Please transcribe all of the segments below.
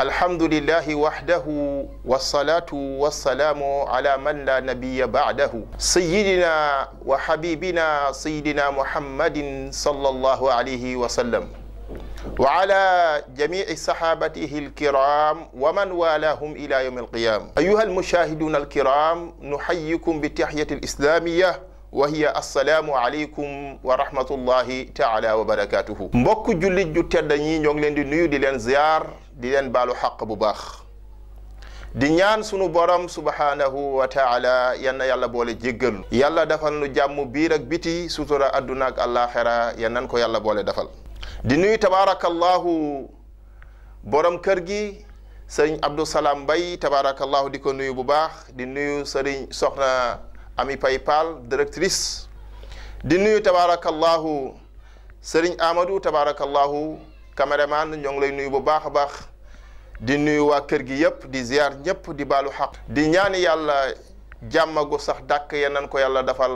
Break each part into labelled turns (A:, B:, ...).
A: الحمد لله وحده والصلاة والسلام على من لا نبي بعده سيدنا وحبيبنا سيدنا محمد صلى الله عليه وسلم وعلى جميع صحابته الكرام ومن والاهم إلى يوم القيامة أيها المشاهدون الكرام نحييكم بالتحية الإسلامية wa hiya assalaamu aleykum wa rahmatullahi taala wa barakatuhu mbokk jullit ju tedd ñi ñoo ngi leen di nuyu di leen ziyaar di leen baalu xaq bu baax di ñaan sunu borom subhaanahu wa taala yal yàlla boole jéggal yàlla defal nu jàmm biir ak biti sutura adduna ak àllaaxira ko yàlla boole defal di nuyu tabaarakallahu borom kër gi sëriñ Abdou Salam Mbaye tabaarakallahu di ko nuyu bu baax di nuyu sëriñ soxna ami paypal directrice di nuyu tabarakallahu sëriñ amadou tabarakallahu caméraman ñoo ngi lay nuyu bu baax a baax di nuyu waa kër gi yëpp di ziar ñëpp di baalu xaq di ñaani yàlla jàmmagu sax dàkk ya nan ko yàlla dafal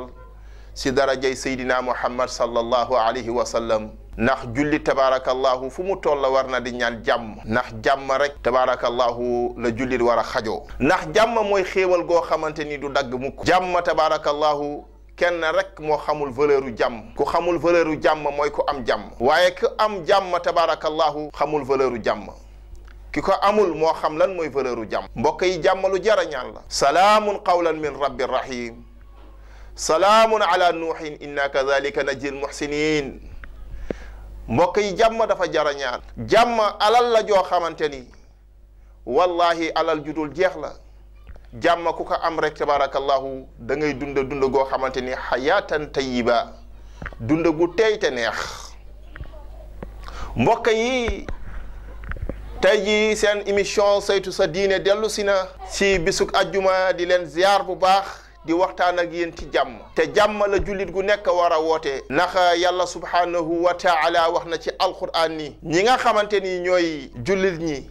A: si darajay seydina muhammad sallallahu alayhi wa sallam ndax julli tabaarakallahu fu mu toll war na di ñaan jàmm ndax jàmm rek tabaarakallahu la jullit war a xajoo ndax jàmm mooy xéewal goo xamante ni du dagg mukk jàmm tabaarakallahu kenn rek moo xamul valeuru jàmm ku xamul valeuru jàmm mooy ku am jàmm waaye ku am jàmm tabaarakallahu xamul valeuru jàmm ki ko amul moo xam lan mooy valeuru jàmm mbokk yi jàmm lu jara ñaan la salaamun qawlan min rabbi rahim salaamun ala nuuhin inna kadalika najil muhsinin mbokk yi jàmm dafa jarañaan ñaan jàmm alal la joo xamante ni wallahi alal ju dul jeex la jàmm ku ko am rek tabarakallahu da dund dunda goo xamante ni xayaatan tayiba dunda gu tey te neex mbokk yi tey ji seen émission saytu sa diine dellusi si na si bisug ajjuma di leen ziar bu baax di waxtaan ak yéen ci jàmm te jàmm la jullit gu nekk war a wootee ndax yàlla subhaanahu wa taala wax na ci alquran ni ñi nga xamante ni ñooy jullit ñi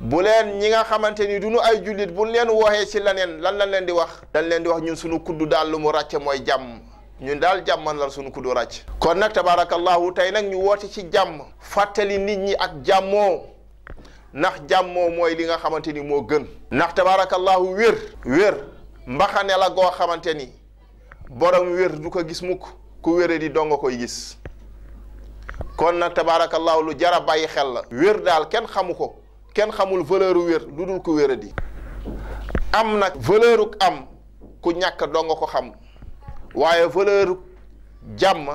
A: bu leen ñi nga xamante ni du ñu ay jullit bu leen wooxee ci leneen lan lañ leen di wax dañ leen di wax ñun suñu kuddu daal lu mu ràcce mooy jàmm ñun daal jàmman lan suñu kuddu ràcc kon nag tabaarakallahu tey nag ñu woote ci jàmm fàttali nit ñi ak jàmmoo ndax jàmmoo mooy li nga xamante ni moo gën ndax tabaarakallahu wér wér mbaxane la goo xamante ni boroom wér du ko gis mukk ku wére di dong koy gis kon na tabaarakallaahu lu jara bàyyi xel la wér daal kenn xamu ko kenn xamul valeur wér lu dul ku wére di am nag valeur am ku ñàkk dong ko xam waaye valeur jàmm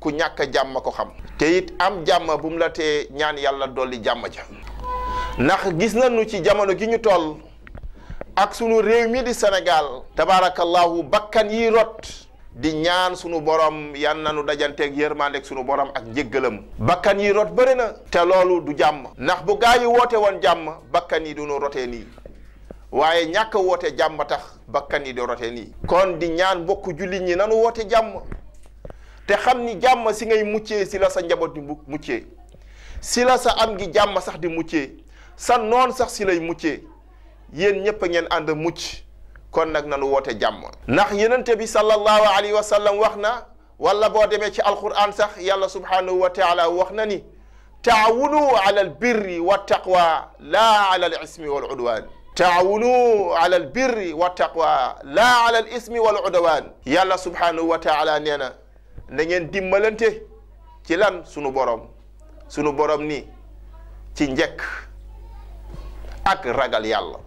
A: ku ñàkk jàmm ko xam te it am jàmm bu mu la tee ñaan yàlla dolli jàmm ja ndax gis nañu ci jamono gi ñu toll ak sunu réew mi di Sénégal tabaarakallahu bakkan yi rot di ñaan sunu borom yan nanu dajanteeg yërmandeeg sunu borom ak njéggalam bakkan yi rot bëri na te loolu du jàmm ndax bu gaa yi woote woon jàmm bakkan yi du nu rotee nii waaye ñàkk woote jàmm tax bakkan yi di rotee nii kon di ñaan bokk jullit ñi nanu woote jàmm te xam ni jàmm si ngay muccee si la sa njaboot di muccee si la sa am gi jàmm sax di muccee sa noon sax si lay muccee yéen ñëpp ngeen ànd mucc kon nag nanu woote jàmm ndax yenente bi sallallahu alayhi wa sallam wax na wala boo demee ci alquran sax yàlla subhanahu wa taala wax na ni taawunu ala albirri wa taqwa laa ala al ismi wal udwan taawunu ala albirri wa taqwa laa ala al ismi wal udwan yàlla subhanahu wa taala nee na na ngeen dimbalante ci lan sunu borom sunu borom ni ci njëkk ak ragal yàlla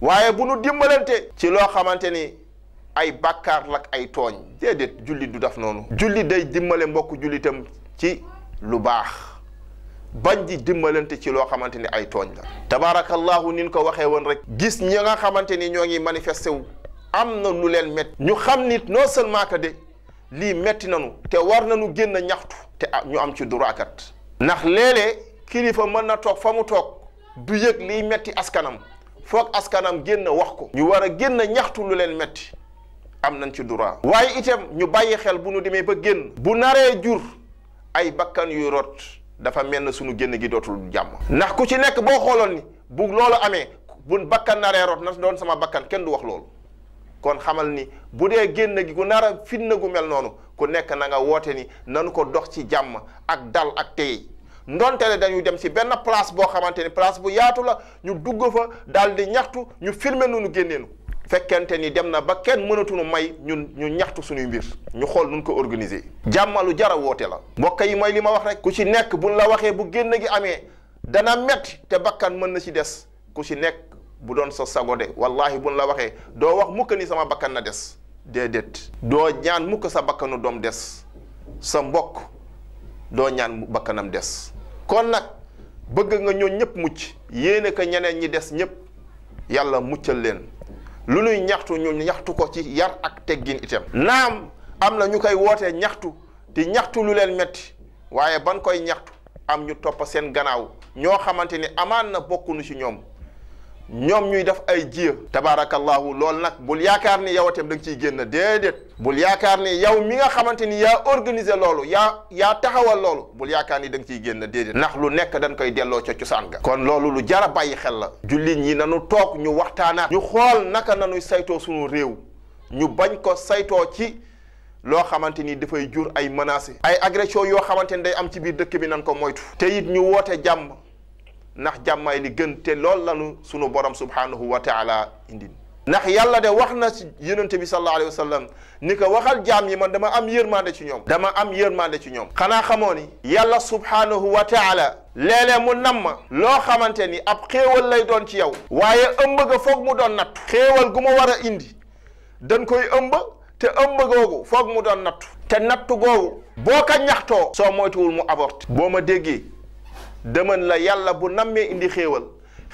A: waaye bu nu dimbalante ci loo xamante ni ay bàkkaar lak ay tooñ déedéet jullit du def noonu jullit day dimbale mbokk jullitam ci lu baax bañ di dimbalante ci loo xamante ni ay tooñ la tabaarakallahu nin ko waxee woon rek gis ñi nga xamante ni ñoo ngi manifesté wu am na lu leen métti ñu xam nit noo seulement que de lii métti nañu te war nañu génn ñaxtu te am ñu am ci duraakat ndax léeg-léeg kilifa mën na toog fa mu toog du yëg liy metti askanam foog askanam génn wax ko ñu war a génn ñaxtu lu leen metti am nañ ci droit waaye itam ñu bàyyi xel bu nu demee ba génn bu naree jur ay bakkan yu rot dafa mel ne suñu génn gi dootul jàmm ndax ku ci nekk boo xooloon ni bu loolu amee bu bakkan naree rot na doon sama bakkan kenn du wax loolu kon xamal ni bu dee génn gi ku nar a fitna gu mel noonu ku nekk na nga woote ni nanu ko dox ci jàmm ak dal ak tey ndonte ne dañuy dem si benn place boo xamante ni place bu yaatu la ñu dugg fa daal di ñaxtu ñu filmer nu ñu génneenu fekkente ni dem na ba kenn mënatuñu may ñun ñu ñaxtu suñuy mbir ñu xool nun ko organiser jàmmalu jara woote la mbokk yi may li ma wax rek ku ci nekk buñ la waxee bu génn gi amee dana metti te bakkan mën na ci des ku ci nekk bu doon sa sagode wallahi buñ la waxee doo wax mukk ni sama bakkan na des déedéet doo ñaan mukk sa bakkanu doom des sa mbokk doo ñaan bakkanam des kon nag bëgg nga ñoo ñëpp mucc yéene ko ñeneen ñi des ñëpp yàlla muccal leen lu nuy ñaxtu ñu ñaxtu ko ci yar ak teggin itam. naam am na ñu koy wootee ñaxtu te ñaxtu lu leen metti waaye ban koy ñaxtu am ñu topp seen gannaaw ñoo xamante ni amaan na bokkuñu ci ñoom. ñoom ñuy def ay jiya tabaarakallahu loolu nag bul yaakaar ni yow itam da nga ciy génn déedéet bul yaakaar ni yow mi nga xamante ni yaa organiser loolu yaa yaa taxawal loolu bul yaakaar ni danga ciy génn déedéet ndax lu nekk dañ koy delloo ca cosaan ga kon loolu lu jar a bàyyi xel la jullit ñi nanu toog ñu waxtaanaat ñu xool naka nanuy saytoo suñu réew ñu bañ ko saytoo ci loo xamante ni dafay jur ay menaces ay agressions yoo xamante ni day am ci biir dëkk bi nan ko moytu te it ñu woote jàmm ndax jàmmay li gën te loolu lanu sunu borom subhanahu wa taala indin ndax yàlla de wax na ci yonente bi sallallahu alayhi wasallam ni ko waxal jaam yi man dama am yërmande ci ñoom dama am yërmande ci ñoom xanaa xamoo ni yàlla subhanahu wa taala leeg mu nam ma loo xamante ni ab xéewal lay doon ci yow waaye ëmb ga foog mu doon nattu xéewal gu ma war a indi dañ koy ëmb te ëmb googu foog mu doon nattu te nattu googu boo ko ñaxtoo soo moytuwul mu avorté boo ma déggee deman la yàlla bu nammee indi xéewal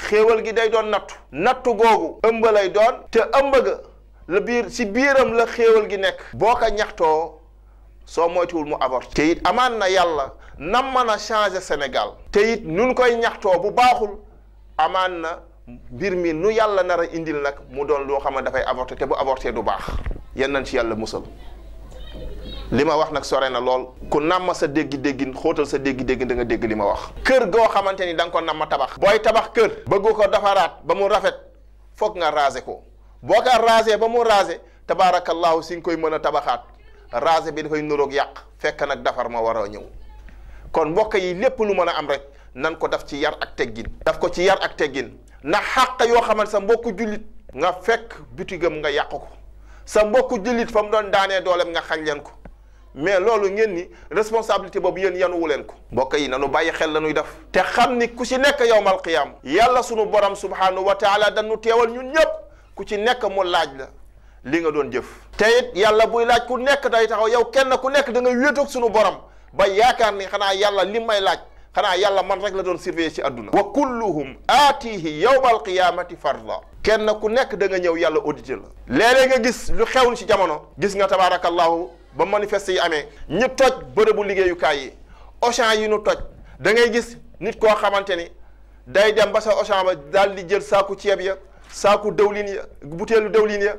A: xéewal gi day doon nattu nattu googu ëmb doon te ëmb la biir si biiram la xéewal gi nekk boo ko ñaxtoo soo moytuwul mu avorté te it amaan na yàlla nam a changé Sénégal te it nun koy ñaxtoo bu baaxul amaan na mbir mi nu yàlla nar a indil nag mu doon loo xam ne dafay avorté te bu avorté du baax yennan ci yàlla musal li ma wax nag sore na lool ku nàmm sa dégg-déggin xóotal sa dégg-déggin da nga dégg li ma wax kër goo xamante ni da nga ko nàmm tabax booy tabax kër bëggu ko defaraat ba mu rafet foog nga raser ko boo ko raser ba mu raser tabaarakallaahu si nga koy mën a tabaxaat raser bi dafay nuroog yàq fekk nag defar ma war a ñëw kon mbokk yi lépp lu mën a am rek nan ko daf ci yar ak teggin daf ko ci yar ak teggin ndax xaq yoo xamante sa mbokku jullit nga fekk bitigam nga yàq ko sa mbokku jullit fa mu doon daanee dooleem nga xañ leen ko mais lolu ngeen ni responsabilité bobu yéen yanu wulen ko mbokk yi nanu baye xel lañuy def te xamni ku ci nek yowmal qiyam yàlla sunu borom subhanahu wa taala dañu teewal ñun ñep ku ci nek mu laaj la li nga doon jëf te it yàlla buy laaj ku nek day taxaw yow kenn ku nek da nga wéetoog sunu borom ba yaakar ni xana yàlla li may laaj xana yàlla man rek la doon surveiller ci aduna wa kulluhum atihi yowmal qiyamati farda kenn ku nek da nga ñëw yàlla audité la lélé nga gis lu xewul ci jamono gis nga tabaarakallahu ba manifeste yi amee ñu toj bërëbu liggéeyukaay yi Auchan yi nu toj da ngay gis nit koo xamante ni day dem ba sa Auchan ba daal di jël saaku ceeb ya saaku dëwlin ya butéelu dëwlin ya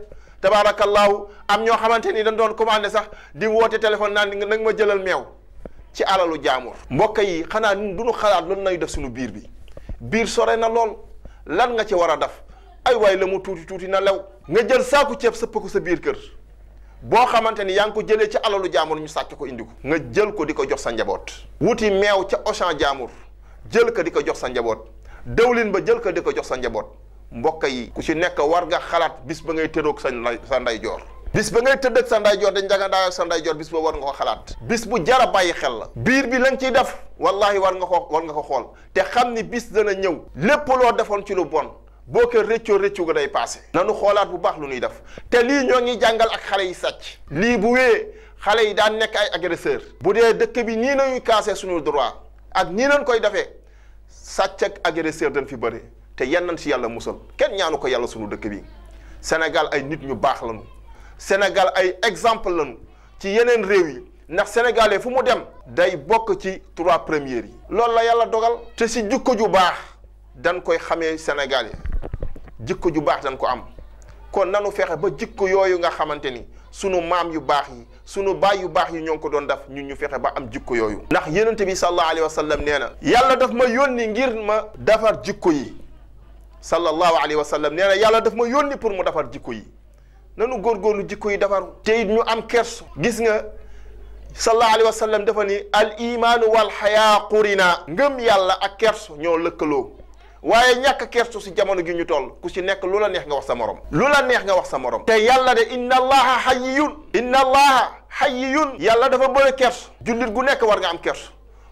A: laaw am ñoo xamante ni dañ doon commandé sax di woote téléphone naan nanga ma jëlal meew ci alalu jaamur mbokk yi xanaa du ñu xalaat lan lay def suñu biir bi biir sore na lool lan nga ci war a def ay waay la mu tuuti tuuti na lew nga jël saaku ceeb sëpp ko sa biir kër boo xamante ni yaa ngi ko jëlee ci alalu jaamur ñu sàcc ko indi ko nga jël ko di ko jox sa njaboot wuti meew ca Auchan jaamur jël ko di ko jox sa njaboot dëwlin ba jël ko di ko jox sa njaboot mbokk yi ku ci nekk war nga xalaat bis ba ngay tëddoog sa sa ndeyjoor bis ba ngay tëdd ak sa ndeyjoor dañ danga daay ak sa ndeyjoor bis ba war nga ko xalaat bis bu jara bàyyi xel la biir bi la nga ciy def wallahi war nga ko war nga ko xool te xam ni bis dana ñëw lépp loo defoon ci lu bon boo ko rëccoo rëccu ko day paase. nanu xoolaat bu baax lu ñuy def te lii ñoo ngi jàngal ak xale yi sàcc. lii bu wee xale yi daan nekk ay agresseur bu dee dëkk bi nii nañuy kaase suñu droit ak nii nañ koy defee sàcc ak agresseur dañ fi bëri te yan nañ si yàlla musal kenn ñaanu ko yàlla suñu dëkk bi Sénégal ay nit ñu baax lañu Sénégal ay exemple lañu ci yeneen réew yi. ndax sénégalais fu mu dem day bokk ci trois premières yi loolu la yàlla dogal te si jukko ju baax dañ koy xamee sénégalais jikko ju baax dañ ko am kon nanu fexe ba jikko yooyu nga xamante ni sunu maam yu baax yi sunu baay yu baax yi ñoo ngi ko doon def ñun ñu fexe ba am jikko yooyu ndax yonent bi sallallahu alayhi wa sallam nee na yàlla daf ma yónni ngir ma defar jikko yi sallallahu alayhi wa sallam nee na yàlla daf ma yónni pour mu defar jikko yi nanu góorgóorlu jikko yi defar te it ñu am kersu gis nga sallallahu alayhi wa sallam dafa ni al imaanu wal xayaa qurina ngëm yàlla ak kersu ñoo lëkkaloo waaye ñàkk kersu si jamono gi ñu toll ku si nekk lu la neex nga wax sa morom lu la neex nga wax sa morom te yàlla de inna allaha hayyun xaj allaha hayyun yàlla dafa bëri kersu jullit gu nekk war nga am kersu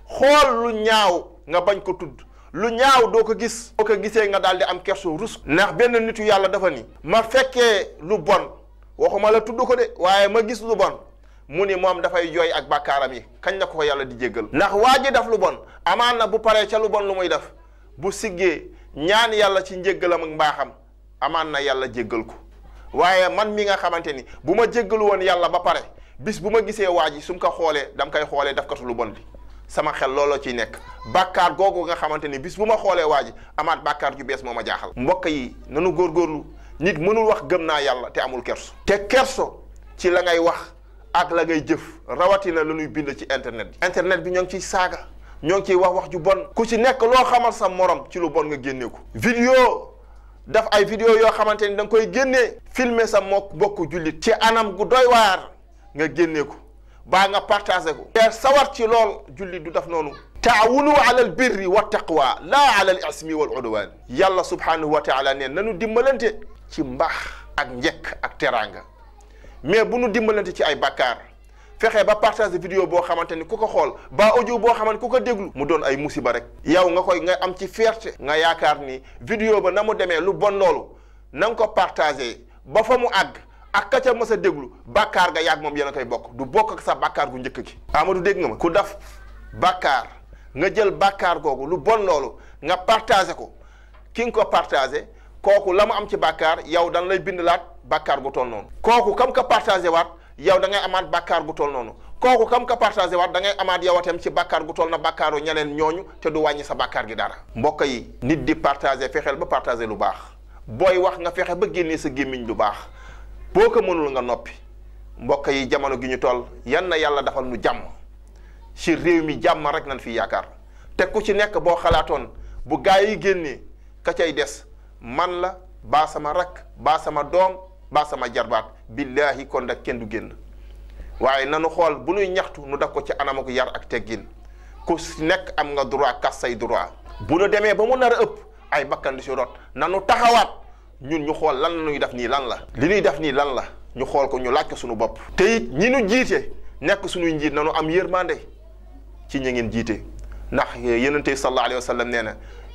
A: xool lu ñaaw nga bañ ko tudd lu ñaaw doo ko gis boo ko gisee nga daal di am kersu rus ndax benn nitu yàlla dafa ni ma fekkee lu bon waxuma la tudd ko de waaye ma gis lu bon mu ni moom dafay jooy ak bàkkaaram yi kañ na ko ko yàlla di jéggal ndax waa ji def lu bon amaan na bu paree ca bon lu muy def bu siggee ñaan yàlla ci njéggalam ak mbaaxam amaan na yàlla jéggal ko waaye man mi nga xamante ni bu ma jéggal woon yàlla ba pare bis bu ma gisee waa ji su ma ko xoolee dam koy xoolee daf katu lu bon bi sama xel looloo ciy nekk bàkkaar googu nga xamante ni bis bu ma xoolee waa ji amaat bàkkaar ju bees moo ma jaaxal mbokk yi nanu góorgóorlu nit mënul wax gëm naa yàlla te amul kerso te kerso ci la ngay wax ak la ngay jëf rawatina lu ñuy bind ci internet bi internet bi ñoo ngi ciy saaga ñoo ngi ciy wax wax ju bon ku ci nekk loo xamal sa moroom ci lu bon nga génne ko vidéo daf ay vidéo yoo xamante ni da nga koy génnee filmer sa mokk bokk jullit ci anam gu doy waar nga génne ko baa nga partagé ko te sawar ci lool jullit du def noonu taawunu ala al birri wa laa ala al ismi wal udwan yàlla subhanahu wa taala na nanu dimbalante ci mbaax ak njekk ak teraanga mais bu nu dimbalante ci ay bàkkaar fexe ba partage vidéo boo xamante ni ku ko xool ba audio boo xamante ku ko déglu mu doon ay musiba rek yow nga koy nga am ci fierté nga yaakaar ni vidéo ba na mu demee lu bon loolu na nga ko partagé ba fa mu àgg ak ka ca mës a déglu bàkkaar nga yàgg moom yen a koy bokk du bokk ak sa bàkkaar gu njëkk gi Amadou dégg nga ma ku daf bàkkaar nga jël bàkkaar googu lu bon loolu nga partagé ko ki nga ko partagé kooku la mu am ci bàkkaar yow dana lay bind laat bàkkaar gu noonu kooku kam ko waat yow da ngay amaat bàkkaar gu toll noonu kooku kam ka partagé waat da amaat yow atam ci bàkkaar gu toll na bàkkaaru ñeneen ñooñu te du wàññi sa bàkkaar gi dara mbokk yi nit di partagé fexeel ba partagé lu baax booy wax nga fexe ba génnee sa gémmiñ lu baax boo ko mënul nga noppi mbokk yi jamono gi ñu toll yan na yàlla dafal lu jàmm ci réew mi jàmm rek nañ fi yaakaar te ku ci nekk boo xalaatoon bu gaa yi génnee ka cay des man la baa sama rakk baa sama doom mbaa sama jarbaat billaahi kon nag kenn du génn waaye nanu xool bu nuy ñaxtu nu def ko ci anam ak yar ak teggin ku nekk am nga droit kas say droit bu nu demee ba mu nar a ëpp ay bakkan di si rot nanu taxawaat ñun ñu xool lan ñuy def nii lan la li ñuy def nii lan la ñu xool ko ñu laaj suñu bopp te it ñi nu jiite nekk suñuy njiit nanu am yërmande ci ñi ngeen jiite ndax yonent sallallahu alayhi wa sallam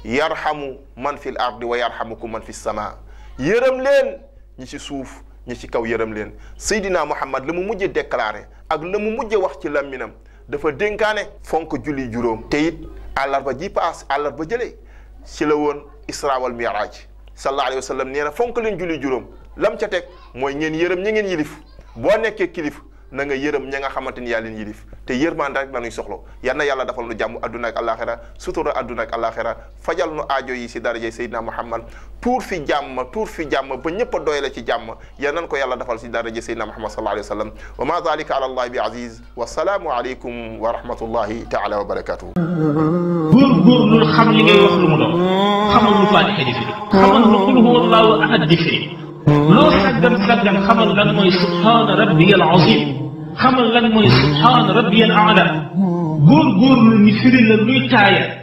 A: yarhamu man fil ardi wa yarhamukum man fis sama yërëm leen ñi ci suuf ñi ci kaw yërëm leen Seydina Muhammad la mu mujjee déclaré ak la mu mujje wax ci làmminam dafa dénkaane fonk julli juróom te it àllarba ji paas àllarba jëlee ci la woon Isra wal Miraaj sallallahu alayhi wa sallam nee na fonk leen julli juróom lam ca teg mooy ngeen yërëm ñi ngeen yilif boo nekkee kilif na nga yërëm ña nga xamante ni yaa leen yilif te yërmande rek la ñuy soxlo yal na defal dafal nu jàmm adduna ak alaxira sutura adduna ak fajal nu aajo yi si daraje Seydina Muhammad tuur fi jàmm tuur fi jàmm ba ñëpp a ci jàmm yal nañ ko yàlla defal si daraje Seydina Muhammad sallallahu alayhi wa sallam wa ma zalika ala allahi wa rahmatullahi taala wa barakatuhu góorgóorlu xam ahad di firi loo sàggan sàggan xamal lan mooy subhaana rabbiyal azim xamal lan mooy subhaana rabbiyal aala góorgóorlu ni firi la luy taaya